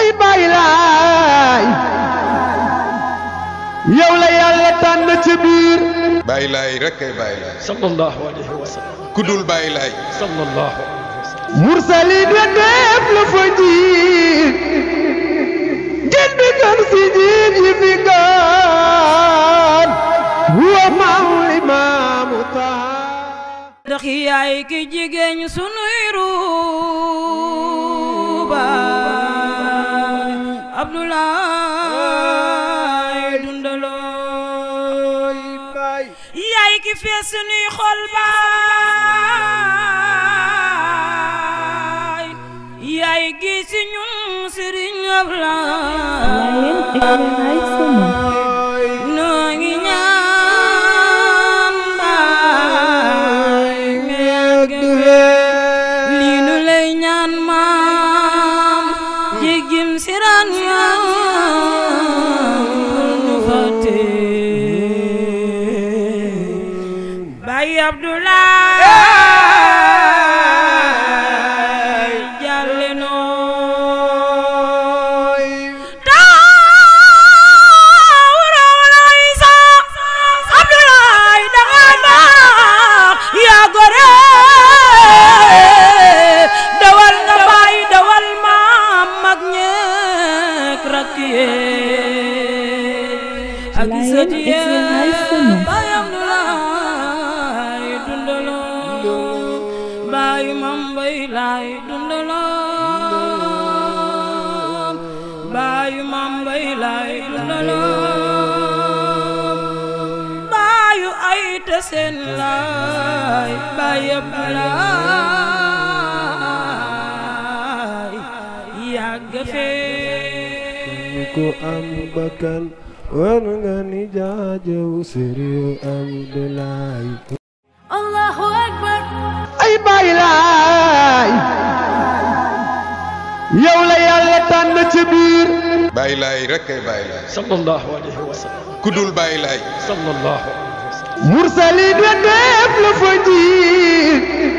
ay bàyyi laay yow la yàlla tànn ci biir. bàyyi laay rek ay bàyyi laay. sallallahu alayhi wa sallam. kudul bàyyi laay. sallallahu alayhi wa sallam. mursalin la def la fa jiir ngeen di gën si jiir yi fi gën huwa maam tax. ndax yaay ki jigéen sunuy ruur. Abdoulaye dundalooy kay yaay ki fees sunuy xol baay yaay gi si ñun Serigne Abdoulaye ay Abdoulaye jàlle nooy taaw rawla Isa Abdoulaye danga baax yaa gore dawal na baay dawal maam mag ñeek rakk yee ak sët yee bayu mam bay laay dundaloom bayu mam bay laay dundaloom bayu ay am bakkan war yow la yàlla tànn ci biir. bàyyi laay rek kay bàyyi laay. sallallahu alayhi wa sallam. kudul bàyyi laay. sallallahu alayhi wa sallam. mursaliin la def la fa ji.